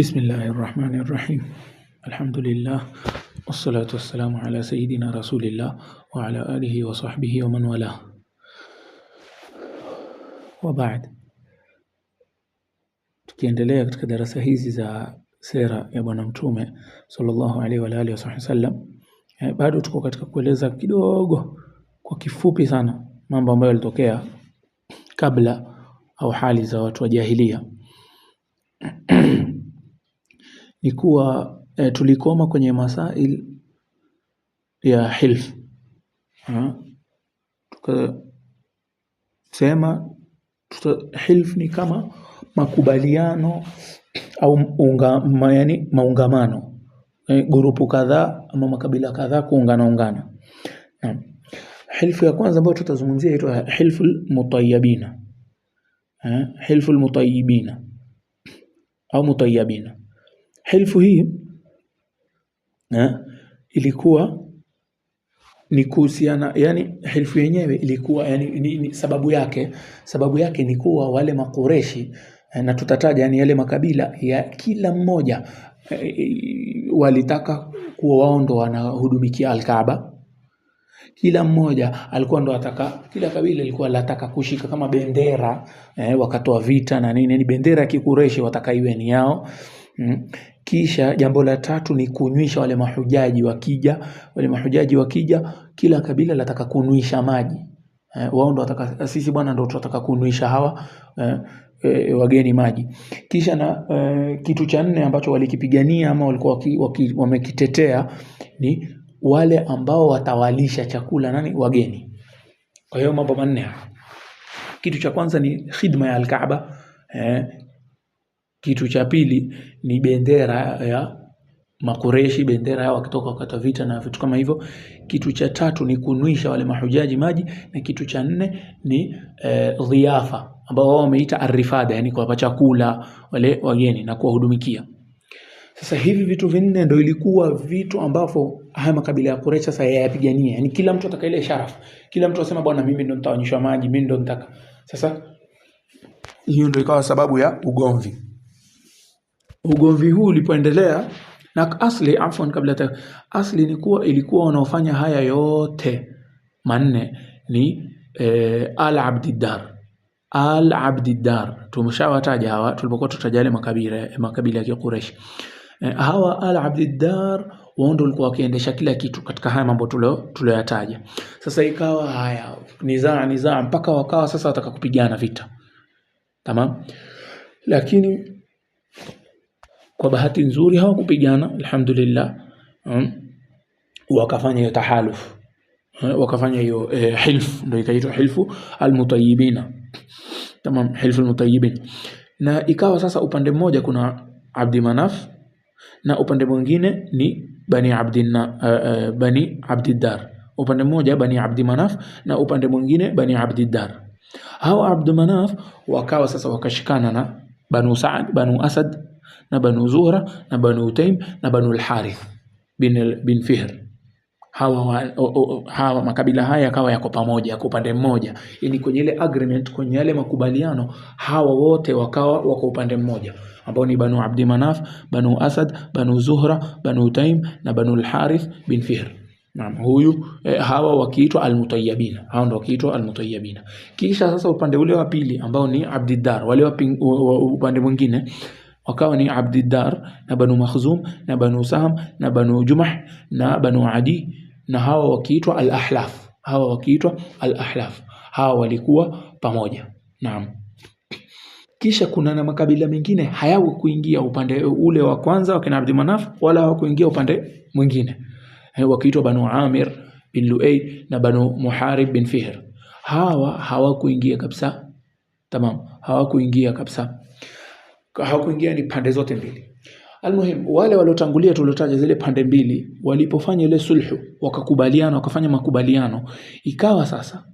Bismillahi rahmani rahim, alhamdulillah wassalatu wassalamu ala sayidina rasulillah wa ala alihi wa sahbihi wa man wala wa Tukiendelea katika darasa hizi za sera ya Bwana Mtume sallallahu alaihi wa alihi wasallam, eh, bado tuko katika kueleza kidogo kwa kifupi sana mambo ambayo yalitokea kabla au hali za watu wa jahilia ni kuwa e, tulikoma kwenye masail ya hilf tukasema tuta, hilf ni kama makubaliano au unga, ma, yani, maungamano e, eh, grupu kadhaa ama makabila kadhaa kuunganaungana ungana Hilfu ya kwanza ambayo tutazungumzia inaitwa hilfu mutayibina, eh, hilfu mutayibina au mutayabina Elfu hii na, eh, ilikuwa ni kuhusiana yani, helfu yenyewe ilikuwa yani, ni, ni, sababu yake sababu yake ni kuwa wale makureshi eh, na tutataja yani yale makabila ya kila mmoja e, walitaka kuwa wao ndo wanahudumikia Alkaaba. Kila mmoja alikuwa ndo ataka, kila kabila ilikuwa lataka kushika kama bendera e, wakatoa vita na nini, ni bendera ya Kikureshi wataka iwe ni yao mm. Kisha jambo la tatu ni kunywisha wale mahujaji wakija, wale mahujaji wakija, kila kabila lataka kunywisha maji eh, wao ndo wataka, sisi bwana ndo tunataka kunywisha hawa eh, eh, wageni maji. Kisha na eh, kitu cha nne ambacho walikipigania ama walikuwa wamekitetea ni wale ambao watawalisha chakula nani wageni. Kwa hiyo mambo manne. Kitu cha kwanza ni khidma ya Alkaaba eh, kitu cha pili ni bendera ya Makureshi, bendera yao wakitoka wakati wa vita na vitu kama hivyo. Kitu cha tatu ni kunuisha wale mahujaji maji, na kitu cha nne ni eh, dhiafa ambao wao wameita arifada, yani kuwapa chakula wale wageni na kuwahudumikia. Sasa hivi vitu vinne ndio ilikuwa vitu ambavyo haya makabila ya Quraysh sasa yayapigania. yani kila mtu ataka ile sharafu. Kila mtu asema bwana mimi ndo nitawanyeshwa maji, mimi ndo nitaka. Sasa hiyo ndio ikawa sababu ya ugomvi ugomvi huu ulipoendelea na asli afwan kabla ta asli ni kuwa ilikuwa wanaofanya haya yote manne ni e, al abdiddar al abdiddar tumeshawataja hawa tulipokuwa tutaja makabila makabila ya Quraysh e, hawa al abdiddar wao ndio walikuwa wakiendesha kila kitu katika haya mambo tulio tuliyoyataja sasa ikawa haya nizaa nizaa mpaka wakawa sasa wataka kupigana vita tamam lakini kwa bahati nzuri hawakupigana alhamdulillah, mm. wakafanya hiyo tahalufu hmm, wakafanya hiyo eh, hilfu ndio ikaitwa hilfu almutayibina. Tamam, hilfu almutayibin. Na ikawa sasa upande mmoja kuna Abdi Manaf na upande mwingine ni Bani Abdina, uh, eh, uh, eh, Bani Abdiddar. Upande mmoja Bani Abdi Manaf na upande mwingine Bani Abdiddar. Hao Abdi Manaf wakawa sasa wakashikana na Banu Saad, Banu Asad na Banu Zuhra na Banu Utaim na Banu Alharith bin, bin Fihr hawa, wa, o, o, hawa makabila haya yakawa yako pamoja yako upande mmoja yani kwenye ile agreement kwenye yale makubaliano hawa wote wakawa wako upande mmoja ambao ni Banu Abdi Manaf Banu Asad Banu Zuhra Banu Utaim na Banu Alharith bin Fihr Naam, huyu eh, hawa wakiitwa almutayabina, hawa ndio wakiitwa almutayabina. Kisha sasa upande ule wa pili ambao ni Abdiddar, wale upande mwingine wakawa ni Abdiddar na Banu Makhzum na Banu saham na Banu Jumah na Banu Adi na hawa wakiitwa al-Ahlaf, hawa wakiitwa al-Ahlaf, hawa walikuwa pamoja. Naam. Kisha kuna na makabila mengine kuingia upande ule wa kwanza wakina Abdi Manaf, wala hawakuingia upande mwingine eh, wakiitwa Banu Amir bin Luay na Banu Muharib bin Fihr. Hawa hawakuingia kabisa, tamam, hawakuingia kabisa hawakuingia ni pande zote mbili. Almuhim, wale waliotangulia tuliotaja zile pande mbili walipofanya ile sulhu, wakakubaliana, wakafanya makubaliano, ikawa sasa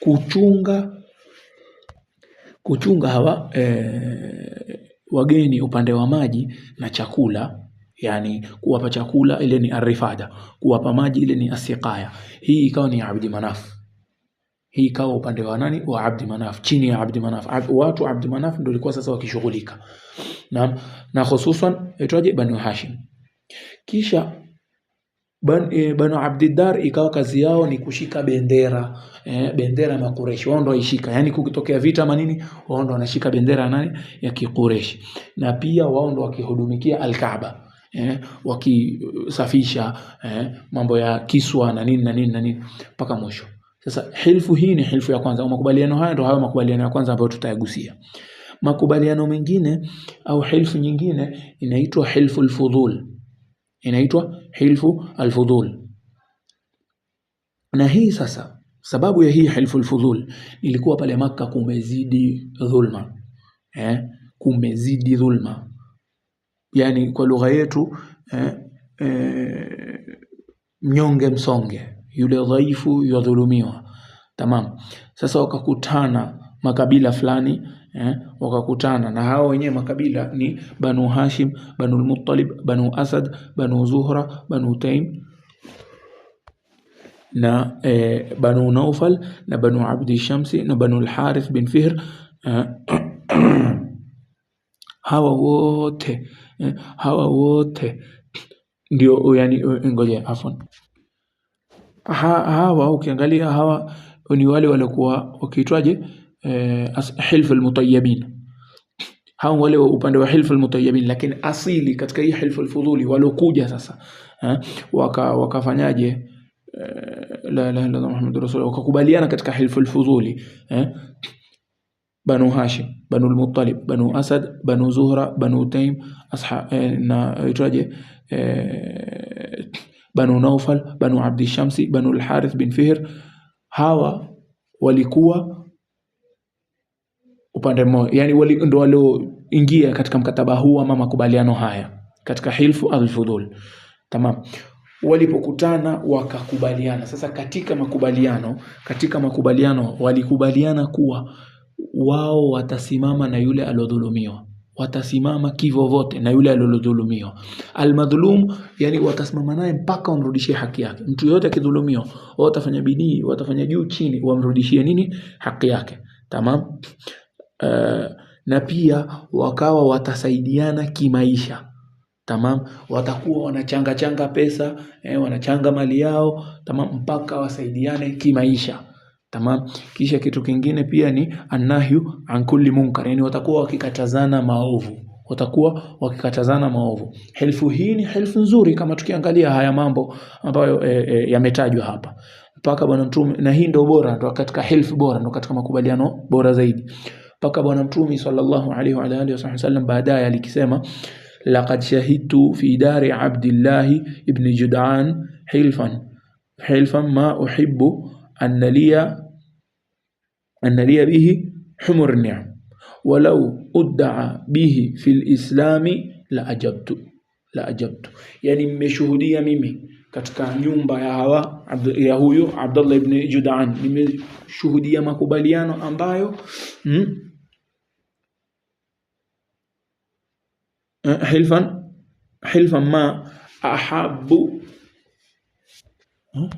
kuchunga kuchunga hawa e, wageni upande wa maji na chakula yani kuwapa chakula ile ni arifada, kuwapa maji ile ni asiqaya. Hii ikawa ni Abdi Manaf hii ikawa upande wa nani wa Abdi Manaf, chini ya Abdi Manaf. Ab, watu Abdi Manaf ndio walikuwa sasa wakishughulika na, na hususan aitwaje Banu Hashim. Kisha ban, e, Banu Abdiddar ikawa kazi yao ni kushika bendera e, bendera ya Makureshi wao ndio waishika, yani kukitokea vita manini wao ndio wanashika bendera nani ya Kikureshi, na pia wao ndio wakihudumikia Alkaaba eh, wakisafisha eh, mambo ya kiswa na nini na nini na nini mpaka mwisho. Sasa hilfu hii ni hilfu ya kwanza, au makubaliano haya ndio hayo makubaliano ya kwanza ambayo tutayagusia. Makubaliano mengine au hilfu nyingine inaitwa hilfu alfudhul, inaitwa hilfu alfudhul. Na hii sasa, sababu ya hii hilfu alfudhul ilikuwa pale Makka kumezidi dhulma eh, kumezidi dhulma, yani kwa lugha yetu eh, eh, mnyonge msonge yule dhaifu yadhulumiwa. Tamam. Sasa wakakutana makabila fulani eh, wakakutana na hao wenyewe makabila ni Banu Hashim, Banu Muttalib, Banu Asad, Banu Zuhra, Banu Taim na eh, Banu Naufal na Banu Abdi Shamsi na Banu Al-Harith bin Fihr eh, hawa wote eh, hawa wote ndio yani ngoje afwan ha, hawa ukiangalia hawa ni wale waliokuwa wakiitwaje e, hilfu almutayyibin hawa wale upande wa hilfu almutayyibin lakini asili katika hii hilfu alfudhuli walokuja sasa waka wakafanyaje la ilaha illallah muhammadur rasulullah wakakubaliana katika hilfu alfudhuli eh? banu hashim banu almuttalib banu asad banu zuhra banu taim asha eh, na itwaje eh, Banu Naufal, Banu Abdi Shamsi, Banu Al-Harith bin Fihr. Hawa walikuwa upande mmoja, yani wali, ndo walioingia katika mkataba huu ama makubaliano haya katika Hilfu al-Fudul. Tamam, walipokutana wakakubaliana. Sasa katika makubaliano, katika makubaliano walikubaliana kuwa wao watasimama na yule aliodhulumiwa watasimama kivovote na yule alilodhulumiwa. Almadhulum, yani watasimama naye mpaka wamrudishie haki yake. Mtu yote akidhulumiwa, watafanya bidii, watafanya juu chini, wamrudishie nini haki yake. Tamam. Uh, na pia wakawa watasaidiana kimaisha. Tamam, watakuwa wanachanga changa pesa eh, wanachanga mali yao tamam, mpaka wasaidiane kimaisha. Tamam, kisha kitu kingine pia ni annahyu an kulli munkar, yani watakuwa wakikatazana maovu, watakuwa wakikatazana maovu. Helfu hii ni helfu nzuri, kama tukiangalia haya mambo ambayo e, e, yametajwa hapa mpaka Bwana Mtume, na hii ndio bora, ndio katika helfu bora, ndio katika makubaliano bora zaidi, mpaka Bwana Mtume sallallahu alaihi wa alihi wasallam baadaye alikisema laqad shahidtu fi dari abdillahi ibn judan hilfan hilfan ma uhibbu an liya analia bihi humur ni'am walau uddaa bihi fil islami la ajabtu la ajabtu, yani nimeshuhudia mimi katika nyumba ya hawa ya huyu Abdullah ibn Judan, nimeshuhudia makubaliano ambayo hmm? Eh, hilfan hilfan ma ahabu hmm,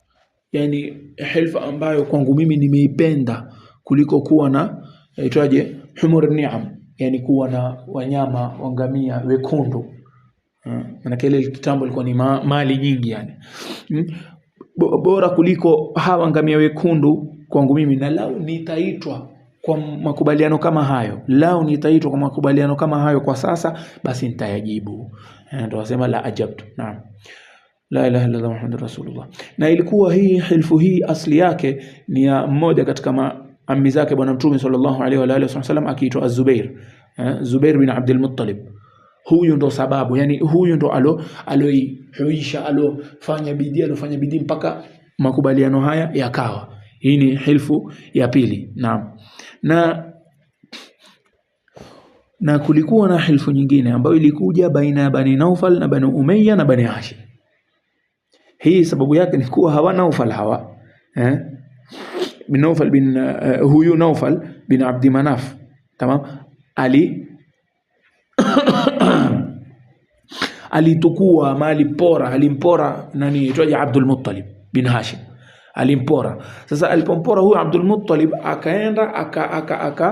yani hilfa ambayo kwangu mimi nimeipenda kuliko kuwa na itwaje humur ni'am, yani kuwa na wanyama wangamia wekundu maana hmm, kile kitambo ilikuwa ni ma, mali nyingi yani hmm, bora kuliko hawa ngamia wekundu kwangu mimi, na lao nitaitwa kwa makubaliano kama hayo, lao nitaitwa kwa makubaliano kama hayo kwa sasa, basi nitayajibu. Eh, ndio wasema la ajabtu. Naam, la ilaha Allah muhammadur rasulullah. Na ilikuwa hii hilfu hii asli yake ni ya mmoja katika ammi zake bwana mtume sallallahu alaihi wa alihi wasallam akiitwa Az-Zubair eh, Zubair bin Abdul Muttalib. Huyu ndo sababu yani, huyu ndo alo aloihuisha alofanya bidii alofanya bidii mpaka makubaliano haya yakawa. Hii ni hilfu ya pili. Naam, na na kulikuwa na hilfu nyingine ambayo ilikuja baina ya Bani Naufal na Bani Umayya na Bani Hashim. Hii sababu yake ni kuwa hawana Naufal hawa eh bin Naufal bin uh, huyu Naufal bin Abdi Manaf tamam, ali alitukua mali pora, alimpora nani itwaje, Abdul Muttalib bin Hashim alimpora. Sasa alipompora huyu Abdul Muttalib akaenda aka aka aka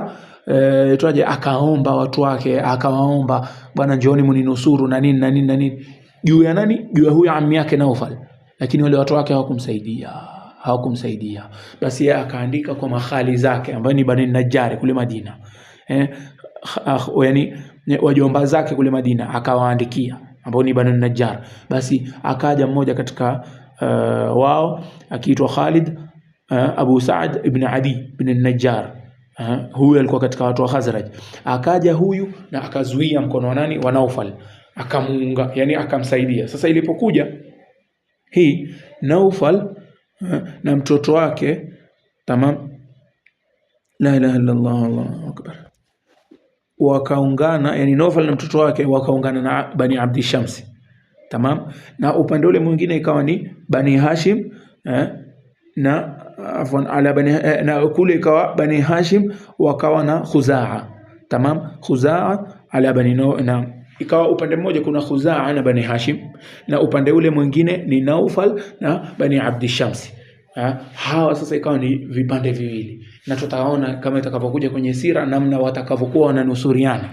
e, itwaje, akaomba watu wake, akawaomba bwana, njooni mninusuru na nini na nini na nini, juu ya nani, juu ya huyu ammi yake Naufal, lakini wale watu wake hawakumsaidia wa hawakumsaidia basi yeye akaandika kwa mahali zake ambayo ni Bani Najjari kule Madina eh, ah, yani eh, wajomba zake kule Madina akawaandikia ambao ni Bani Najjar basi akaja mmoja katika uh, wao akiitwa Khalid uh, Abu Saad ibn Adi ibn Najjar uh, huyu alikuwa katika watu wa Khazraj akaja huyu na akazuia mkono wa nani wa Naufal akamuunga yani akamsaidia sasa ilipokuja hii Naufal na mtoto wake. Tamam, la ilaha Allah, Allahu akbar. Wakaungana yani Nofal na mtoto wake wakaungana na Bani Abdi Shamsi. Tamam, na upande ule mwingine ikawa ni Bani Hashim eh, na afwan ala bani eh, na kule ikawa Bani Hashim wakawa na Khuzaa. Tamam, Khuzaa ala bani no, na ikawa upande mmoja kuna Khuzaa na Bani Hashim na upande ule mwingine ni Naufal na Bani Abdi Shamsi. Ha, hawa sasa ikawa ni vipande viwili, na tutaona kama itakavyokuja kwenye sira namna watakavyokuwa wananusuriana.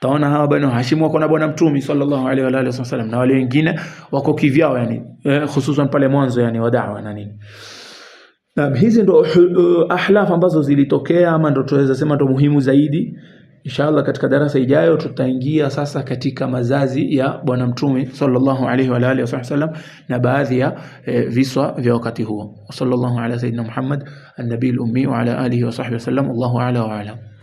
Taona hawa Bani Hashim wako na Bwana Mtume sallallahu alaihi wa alihi wasallam na wale wengine wako kivyao, yani eh, hususan pale mwanzo, yani wadawa na nini. Na hizi ndo uh, eh, ahlaf ambazo zilitokea ama ndo tuweza sema ndo muhimu zaidi Inshallah katika darasa ijayo tutaingia sasa katika mazazi ya Bwana Mtume sallallahu alaihi wa alihi wasallam na baadhi ya e, viswa vya wakati huo. Sallallahu ala sayyidina Muhammad an-nabiyil ummi wa ala alihi wa sahbihi wasallam. Allahu ala wa ala.